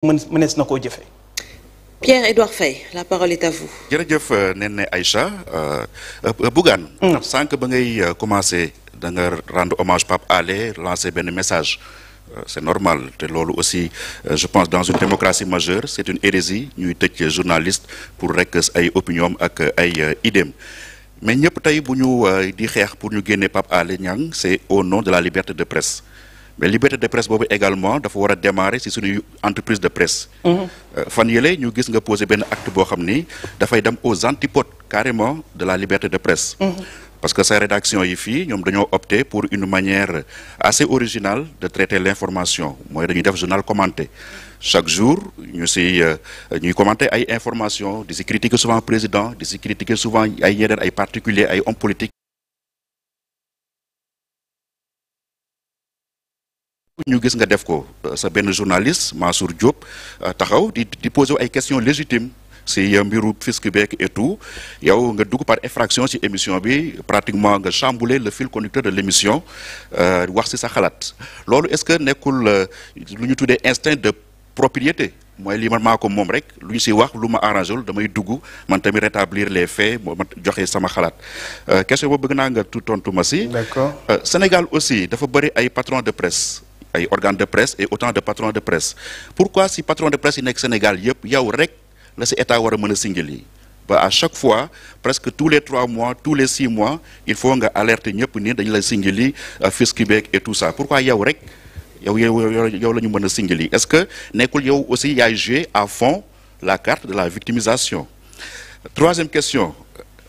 mënees na koo jëfe Pierre-Edouard Faye la parole est à vous. jërëjëf euh, Néné Aïcha euh, euh, mm. ba ngay commencé da nga rendre hommage Pape lancer benn message c'est normal te loolu aussi je pense dans une démocratie majeure c'est une hérésie ñuy tëj journaliste pour rek ay opinion ak ay idéem mais ñëpp tey bu ñu di xeex pour ñu génnee pap Alé Niang c'est au nom de la liberté de presse. mais liberté de presse boobu également dafa war a démarrer ci suñuy entreprise de presse. Mhm. Euh, fan yële ñu gis nga poser benn acte boo xam ni dafay dem aux antipodes carrément de la liberté de presse. Mhm. parce que sa rédaction yi fii ñoom dañoo opté pour une manière assez originale de traiter l'information mooy dañuy def journal commenté chaque jour ñu si euh, ñuy commenter ay information di si critiquer souvent président di si critiquer souvent ay ñeneen ay particuliers ay hommes ñu gis nga def ko euh, sa benn journaliste Mansour Diop euh, taxaw di di ay questions légitimes si mbiru fisc beek et tout yow nga dugg par effraction si émission bi pratiquement nga chambouler le fil de l' émission euh, wax si sa xalaat loolu est ce que nekkul lu ñu tuddee instinct de propriété mooy lii man maa moom rek lu ñu si wax lu ma arrangé wul damay dugg man tamit rétablir les faits ma joxe sama xalaat question boobu bëgg naa nga tontu ma si. d'accord Sénégal aussi dafa bëri ay patron de presse. ay organes de presse et autant de patrons de presse pourquoi si patron de presse yi nekk Sénégal yëpp yow rek la sa état war a mën a singil yi ba à chaque fois presque tous les trois mois tous les six mois il faut nga alerte ñëpp ni dañ la singili euh, fisc beeg et tout ça pourquoi yow rek yow yow la ñu mën a singili est-ce que nekkul yow aussi yaay joué à fond la carte de la victimisation troisième question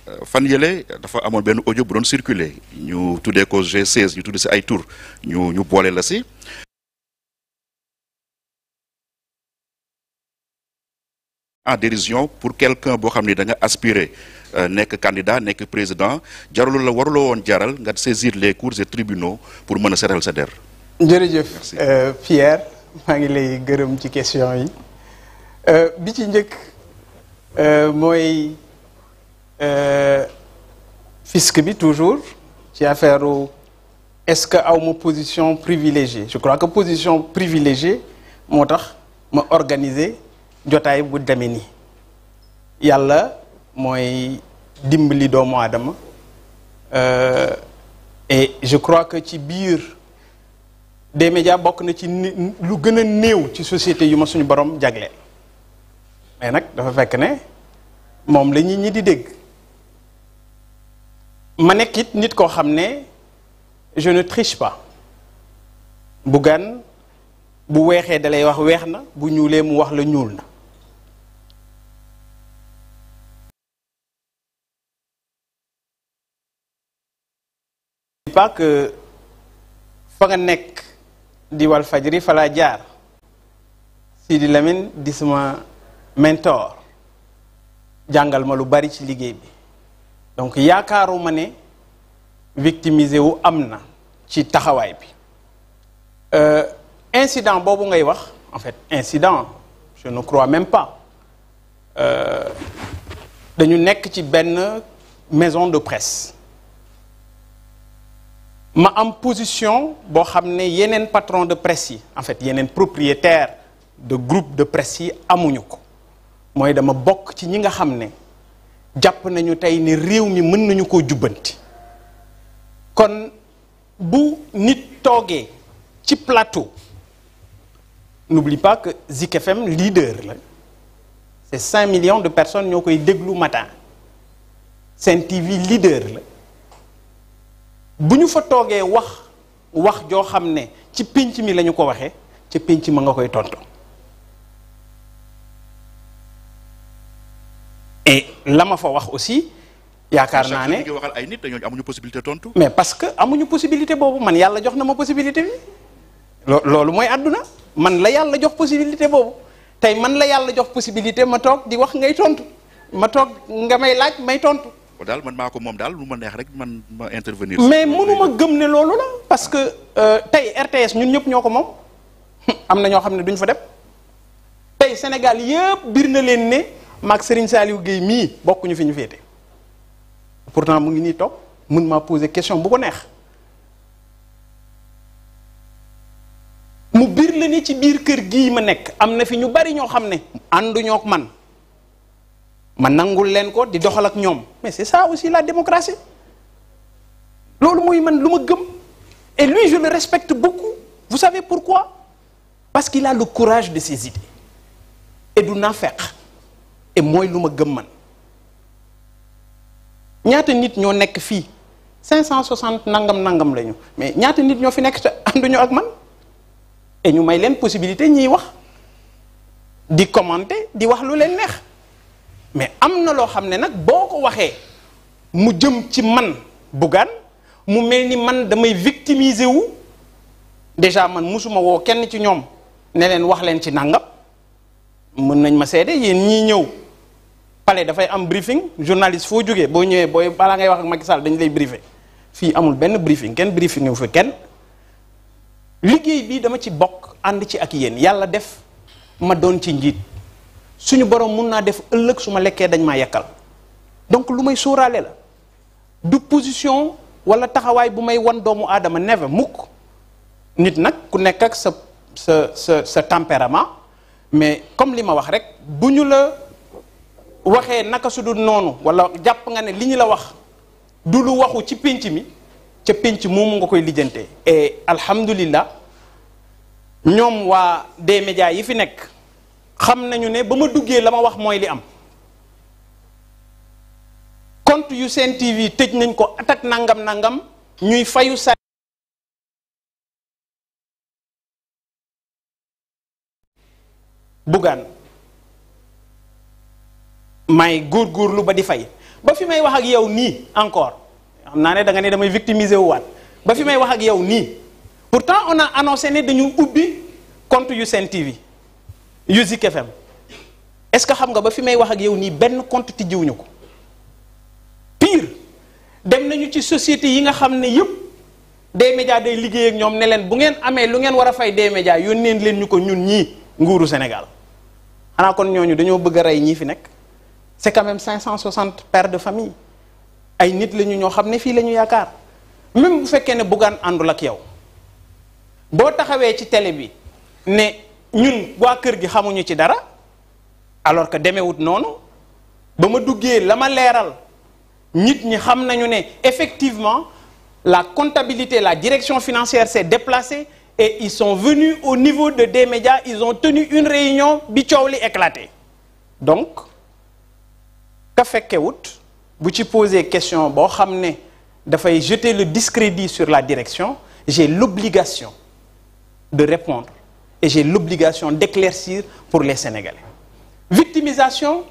Euh, fan yële dafa amoon benn ojo bu doon circuler ñu tuddee ko G16 ñu tuddee si ay tur ñu ñu boole la si. en dérision pour quelqu'un boo xam ni da nga aspirer euh, nekk candidat nekk président jarul la waruloo woon jaral nga saisir les cours et tribunaux pour mën a seetal sa der. jërëjëf euh, Pierre maa ngi lay gërëm ci question yi bi ci njëkk mooy. Euh, fisc bi toujours ci affaire est-ce que aw ma position privilégiée je crois que position privilégiée moo tax ma organiser jotaay bu demee nii yàlla mooy dimbali doomu aadama euh, et je crois que ci biir des médias bokk na ci lu gën a néew ci société yu ma suñu borom jagleel mais nag dafa fekk ne moom la ñit ñi di dégg ma nekk it nit koo xam ne je ne triche pas Bougane bu weexee dalay wax weex na bu ñuulee mu wax la ñuul na pas que fa nga nekk di Walfadjri fa laa jaar Sidi Lamine di sama mentor jàngal ma lu bari ci liggéey bi donc yaakaaruma ne victimisé wu am na ci taxawaay bi euh, incident boobu ngay wax en fait incident je ne crois même pas euh, dañu nekk ci benn maison de presse ma am position boo xam ne yeneen patron de presse yi en fait yeneen propriétaire de groupe de presse yi amuñu ko mooy dama bokk ci ñi nga xam ne jàpp nañu tey ni réew mi mën nañu koo jubbanti kon bu nit toogee ci plateau n'oublie pas que Zik FM leader la c'est cinq de personnes ñoo koy déglu matin Sen TV leader la bu ñu fa toogee wax wax joo xam ne ci pénc mi lañu ko waxee ca pénc ma nga koy tontu. la ma fa wax aussi. yaakaar naa ne waxal ay nit dañoo amuñu possibilité tontu. mais parce que amuñu possibilité boobu man yàlla jox na ma possibilité bi loolu mooy àdduna man la yàlla jox possibilité boobu tey man la yàlla jox possibilité ma toog di wax ngay tontu ma toog nga may laaj may tontu. daal man maa ko moom daal lu ma neex rek man ma intervenir. mais mënuma gëm ne loolu la parce que euh, tey RTS ñun ñëpp ñoo ko moom am na ñoo xam ne duñ fa dem tey Sénégal yëpp bir na leen ne. maag Serigne Saliou Guèye mii bokkuñu fi ñu féete pourtant mu ngi nii toog mun ma poser question bu ko neex mu biir la ne ci biir kër gii ma nekk am na fi ñu bari ñoo xam ne ànduñoo ak man ma nangul leen ko di doxal ak ñoom mais c'est ça aussi la démocratie loolu mooy man lu ma gëm et lui je le respecte beaucoup vous savez pourquoi parce qu'il a le courage de ses idées et du naafeq mooy lu ma gëm man ñaata nit ñoo nekk fii 560 nangam nangam lañu mais ñaata nit ñoo fi nekk te ànduñu ak man et ñu may leen possibilité ñiy wax di commenter di wax lu leen neex mais am na loo xam ne nag boo ko waxee mu jëm ci man Bougane mu mel ni man damay victimiser wu déjà man musuma woo kenn ci ñoom ne leen wax leen ci nangam mën nañ ma seede yéen ñii ñëw. pale dafay am briefing journaliste foo jógee boo ñëwee booy balaa ngay wax ak Macky Sall dañu lay briefer fii amul benn briefing kenn briefing wu fi kenn liggéey bi dama ci bokk ànd ci ak yéen yàlla def ma doon ci njiit suñu borom mun naa def ëllëg su ma lekkee dañ maa yekkal donc lu may sóoraale la du position wala taxawaay bu may wan doomu aadama never mukk nit nag ku nekk ak sa sa sa sa tempérament mais comme li ma wax rek bu ñu la. waxee naka su dul noonu wala jàpp nga ne li ñu la wax du lu waxu ci pénc mi ca pénc moomu nga koy lijjante et ñoom waa des médias yi fi nekk xam nañu ne ba ma duggee la ma wax mooy li am kont yu seen TV tëj nañ ko attaque nangam nangam ñuy fayu sa Bougane may góorgóorlu ba di fay ba fi may wax ak yow nii encore xam naa ne danga ne damay victimiser wu waat ba fi may wax ak yow nii pourtant on a annoncé ne dañu ubbi compte yu Sen TV yu Zik FM est-ce que xam nga ba fi may wax ak yow nii benn compte tijjiwuñu ko pire dem nañu ci société yi nga xam ne yëpp des médias day liggéey ak ñoom ne leen bu ngeen amee lu ngeen war a fay des médias yónneen leen ñu ko ñun ñii nguuru Sénégal xanaa kon ñooñu dañoo bëgg a rey ñii fi nekk. c'est quand même 560 pères de famille ay nit la ñu ñoo xam ne fii la ñu yaakaar même bu fekkee ne Bougane àndul ak yow boo taxawee ci télé bi ne ñun waa kër gi xamuñu ci dara alors que demewut noonu ba ma duggee la ma leeral nit ñi xam nañu ne effectivement la comptabilité la direction financière s'est déplacée et ils sont venus au niveau de D-Média ils ont tenu une réunion bi coow li éclaté donc ka fekkewut bu ci poser question boo xam ne dafay jeter le discrédit sur la direction j'ai l'obligation de répondre et j'ai l'obligation d'éclaircir pour les Sénégalais victimisation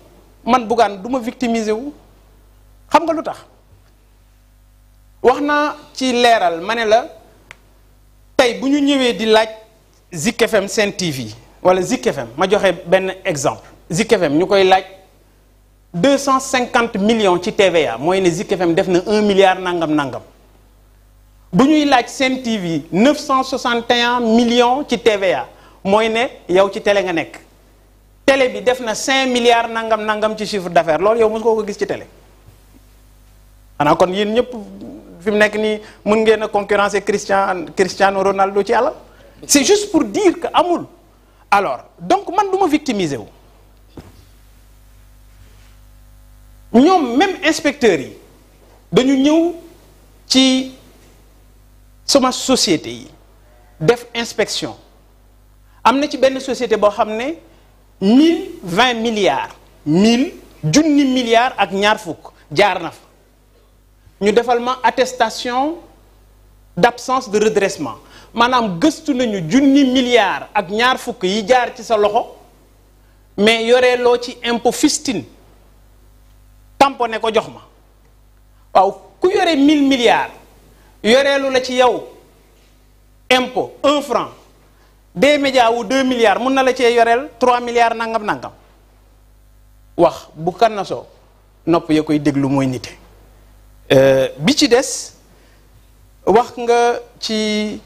man Bougane du ma victimiser wu xam nga lu tax wax naa ci leeral ma ne la tey bu ñu ñëwee di laaj Zik FM Sen TV wala Zik FM ma joxe benn exemple Zik FM ñu koy laaj deux cent cinquante millions ci TVA mooy ne Zik def na un milliard nangam nangam bu ñuy laaj Sen TV neuf cent soixante et ci TVA mooy ne yow ci télé nga nekk tele bi def na cinq milliards nangam nangam ci chiffre d'affaires loolu yow mos koo ko gis ci télé xanaa kon yéen ñëpp fi mu nekk nii mën ngeen a concurrencer Christian Cristiano Ronaldo ci alal c'est juste pour dire que amul alors donc man du ma victimiser wu. ñoom même inspecteurs yi dañu ñëw ci sama société yi def inspection am na ci benn société boo xam ne mille vingt milliards mille junni milliards ak ñaar fukk jaar na fa ñu defal ma attestation d'absence de redressement maanaam gëstu nañu junni milliards ak ñaar fukk yi jaar ci sa loxo mais yoreeloo ci impôt fistine tamponné ko jox ma waaw ku yore 1000 milliards yoreelu la ci yow impôt un franc des médias wu 2 milliards mun na la cee yoreel 3 milliards nangam nangam wax bu kan nopp ya koy déglu mooy nite euh, bi ci des wax nga ci.